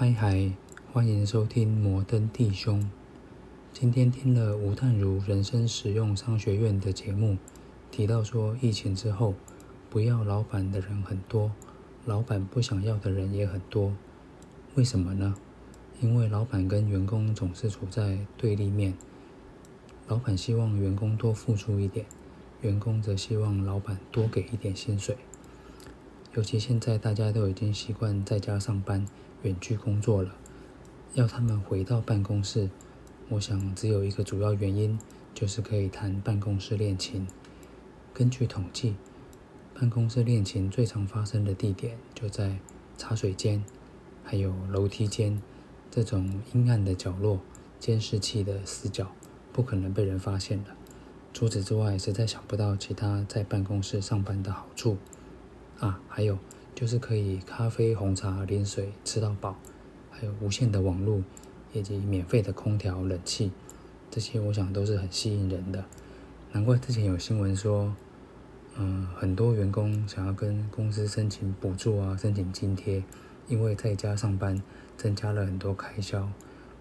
嗨嗨，歡迎收聽摩登弟兄。今天聽了吳淡如人生實用商學院的節目，提到說疫情之後，不要老闆的人很多，老闆不想要的人也很多。為什麼呢？因為老闆跟員工總是處在對立面。老闆希望員工多付出一點，員工則希望老闆多給一點薪水。尤其現在大家都已經習慣在家上班。遠距工作了，要他們回到辦公室，我想只有一個主要原因，就是可以談辦公室戀情。根據統計，辦公室戀情最常發生的地點就在茶水間，還有樓梯間這種陰暗的角落、監視器的死角，不可能被人發現了。除此之外，實在想不到其他在辦公室上班的好處。啊，還有。就是可以咖啡、紅茶、淋水吃到飽，還有無限的網絡，以及免費的空調、冷氣，這些我想都是很吸引人的。難怪之前有新聞說，嗯、呃，很多員工想要跟公司申請補助啊、申請津貼，因為在家上班增加了很多開銷，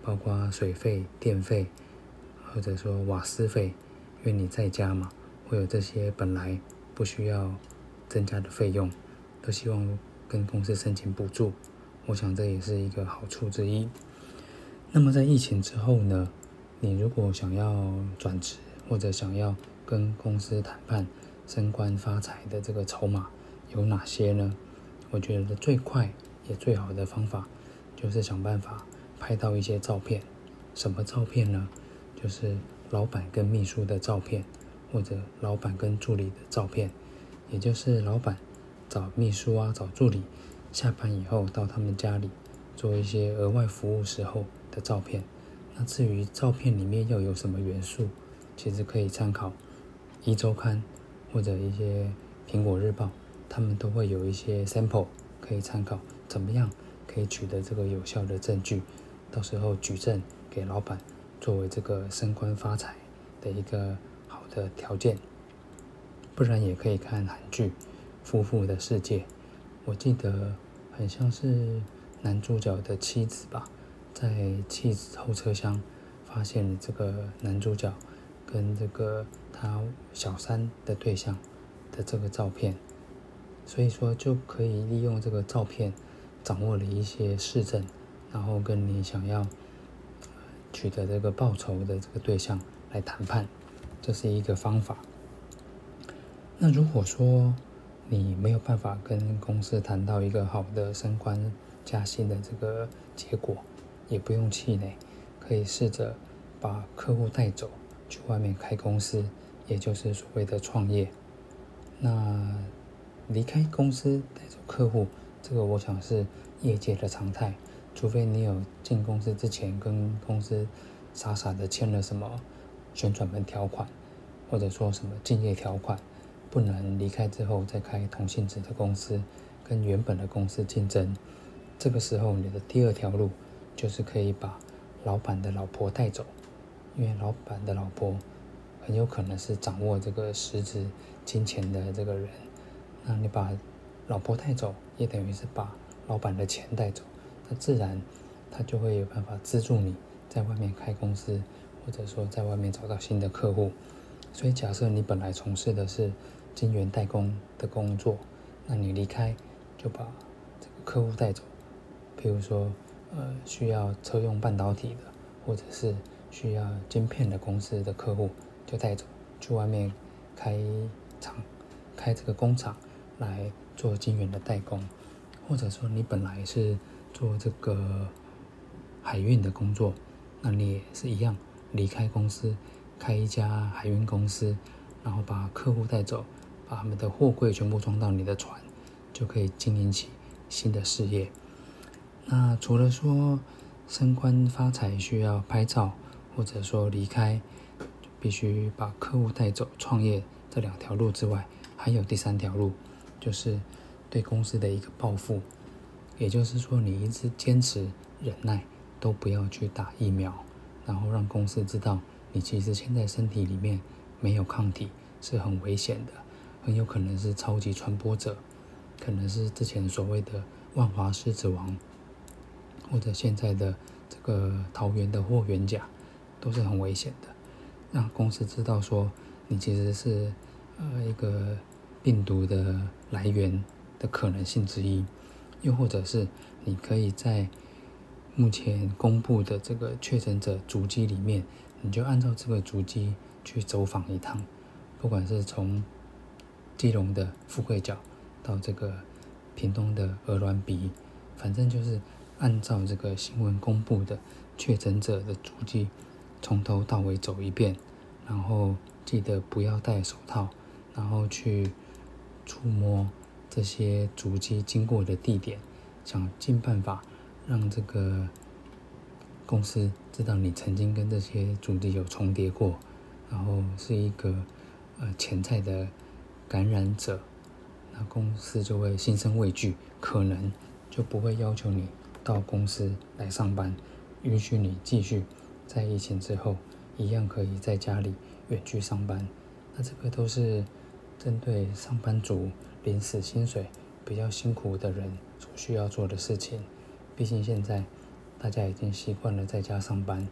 包括水費、電費，或者說瓦斯費，因為你在家嘛，會有這些本來不需要增加的費用。希望跟公司申請補助，我想這也是一個好處之一。那麼在疫情之後呢？你如果想要轉職或者想要跟公司談判升官發財的這個籌碼有哪些呢？我覺得最快也最好的方法就是想辦法拍到一些照片。什麼照片呢？就是老闆跟秘書的照片，或者老闆跟助理的照片，也就是老闆。找秘書啊，找助理，下班以後到他們家裡做一些額外服務時候的照片。那至於照片裡面要有什麼元素，其實可以參考《壹週刊》或者一些《蘋果日報》，他們都會有一些 sample 可以參考，怎麼樣可以取得這個有效的證據，到時候舉證給老板作為這個升官發財的一個好的條件。不然也可以看韓劇。夫婦的世界，我記得好像是男主角的妻子吧，在妻子後車廂發現了這個男主角跟這個他小三的對象的這個照片，所以說就可以利用這個照片掌握了一些事證，然後跟你想要取得這個報酬的這個對象來談判，這是一個方法。那如果說，你沒有辦法跟公司談到一個好的升官加薪的這個結果，也不用氣餒，可以試着把客戶帶走，去外面開公司，也就是所謂的創業。那離開公司帶走客戶，這個我想是業界的常態，除非你有進公司之前跟公司傻傻的簽了什麼旋轉門條款，或者說什麼競業條款。不能離開之後，再開同性質的公司，跟原本的公司競爭。這個時候你的第二條路就是可以把老闆的老婆帶走，因為老闆的老婆很有可能是掌握這個實質金錢的這個人。那你把老婆帶走，也等於是把老闆的錢帶走。那自然他就會有辦法資助你在外面開公司，或者說在外面找到新的客戶。所以假設你本來從事的是。晶圓代工的工作，那你離開就把這個客戶帶走。比如說，呃，需要車用半導體的，或者是需要晶片的公司的客戶，就帶走去外面開廠，開這個工廠來做晶圓的代工。或者說，你本來是做這個海運的工作，那你也是一樣離開公司，開一家海運公司，然後把客戶帶走。把他們的貨櫃全部裝到你的船，就可以經營起新的事業。那除了說升官發財需要拍照，或者說離開，必須把客戶帶走創業這兩條路之外，還有第三條路，就是對公司的一個報復。也就是說，你一直堅持忍耐，都不要去打疫苗，然後讓公司知道你其實現在身體裡面沒有抗體，是很危險的。很有可能是超級傳播者，可能是之前所謂的萬華獅子王，或者現在的這個桃園的霍元甲，都是很危險的。讓公司知道說你其實是呃一個病毒的來源的可能性之一，又或者是你可以在目前公布的這個確診者足跡裡面，你就按照這個足跡去走訪一趟，不管是從。基隆的富貴角到這個屏東的鵝鑾鼻，反正就是按照這個新聞公布的確診者的足跡，從頭到尾走一遍，然後記得不要戴手套，然後去觸摸這些足跡經過的地點，想盡辦法讓這個公司知道你曾經跟這些足跡有重疊過，然後是一個呃潛在的。感染者，那公司就會心生畏懼，可能就不會要求你到公司來上班，允許你繼續在疫情之後一樣可以在家裡遠距上班。那這個都是針對上班族、臨時薪水比較辛苦的人所需要做的事情。畢竟現在大家已經習慣了在家上班，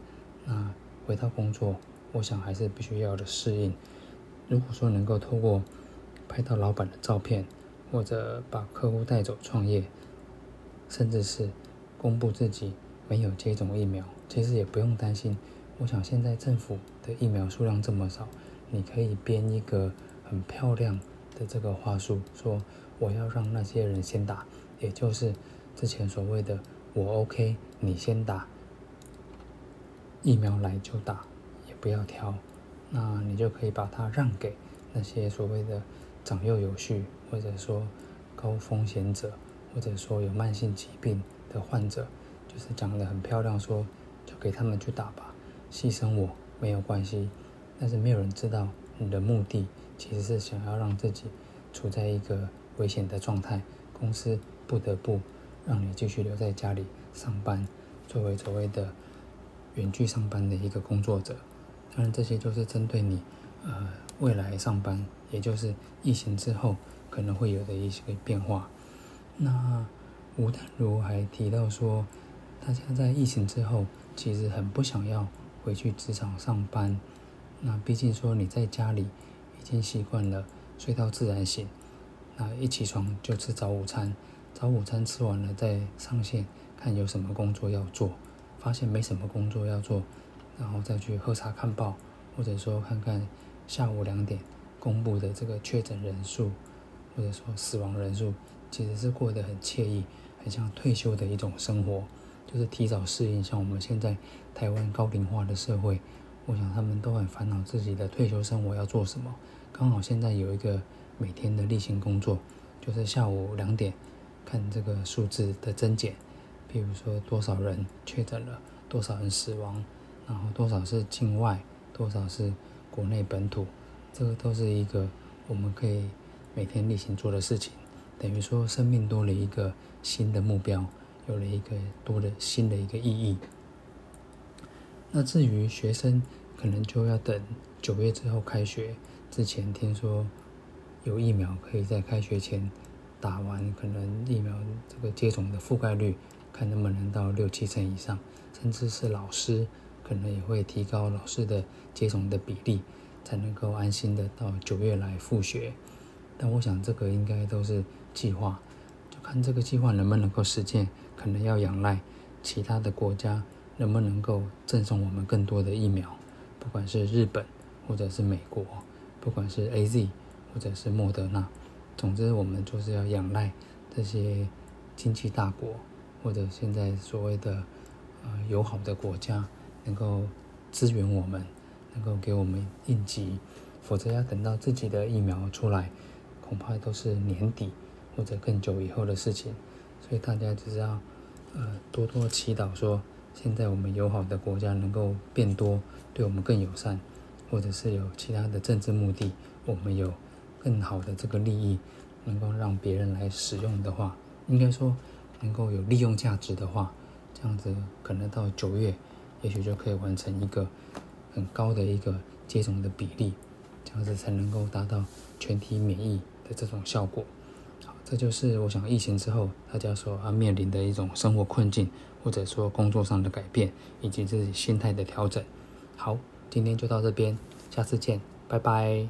那回到工作，我想還是必須要的適應。如果說能夠透過拍到老闆的照片，或者把客戶帶走創業，甚至是公布自己沒有接種疫苗，其實也不用擔心。我想現在政府的疫苗數量這麼少，你可以編一個很漂亮的這個話術，說我要讓那些人先打，也就是之前所謂的我 OK，你先打疫苗來就打，也不要挑，那你就可以把它讓給那些所謂的，長幼有序，或者說高風險者，或者說有慢性疾病的患者，就是長得很漂亮說，說就給他們去打吧，犧牲我沒有關係。但是沒有人知道你的目的其實是想要讓自己處在一個危險的狀態，公司不得不讓你繼續留在家裡上班，作為所謂的遠距上班的一個工作者。當然，這些就是針對你。呃，未來上班，也就是疫情之後可能會有的一些變化。那吳淡如還提到說，大家在疫情之後其實很不想要回去職場上班。那畢竟說你在家裡已經習慣了睡到自然醒，那一起床就吃早午餐，早午餐吃完了再上線看有什麼工作要做，發現沒什麼工作要做，然後再去喝茶看報，或者說看看。下午兩點公布的這個確診人數，或者說死亡人數，其實是過得很愜意，很像退休的一種生活，就是提早適應像我們現在台灣高齡化的社會。我想他們都很煩惱自己的退休生活要做什麼。剛好現在有一個每天的例行工作，就是下午兩點看這個數字的增減，譬如說多少人確診了，多少人死亡，然後多少是境外，多少是。國內本土，這個都是一個我們可以每天例行做的事情，等於說生命多了一個新的目標，有了一個多的新的一個意義。那至於學生，可能就要等九月之後開學，之前聽說有疫苗可以在開學前打完，可能疫苗這個接種的覆蓋率看能不能到六七成以上，甚至是老師。可能也會提高老師的接種的比例，才能夠安心的到九月來復學。但我想，這個應該都是計劃，就看這個計劃能不能夠實現。可能要仰賴其他的國家能不能夠贈送我們更多的疫苗，不管是日本或者是美國，不管是 AZ 或者是莫德納，總之我們就是要仰賴這些經濟大國，或者現在所謂的呃友好的國家。能夠支援我們，能夠給我們應急，否則要等到自己的疫苗出來，恐怕都是年底或者更久以後的事情。所以大家就是要呃多多祈禱說，說現在我們友好的國家能夠變多，對我們更友善，或者是有其他的政治目的，我們有更好的這個利益，能夠讓別人來使用的話，應該說能夠有利用價值的話，這樣子可能到九月。也許就可以完成一個很高的一個接種的比例，這樣子才能夠達到全體免疫的這種效果。好，這就是我想疫情之後大家所要面臨的一種生活困境，或者說工作上的改變，以及自己心態的調整。好，今天就到這邊，下次見，拜拜。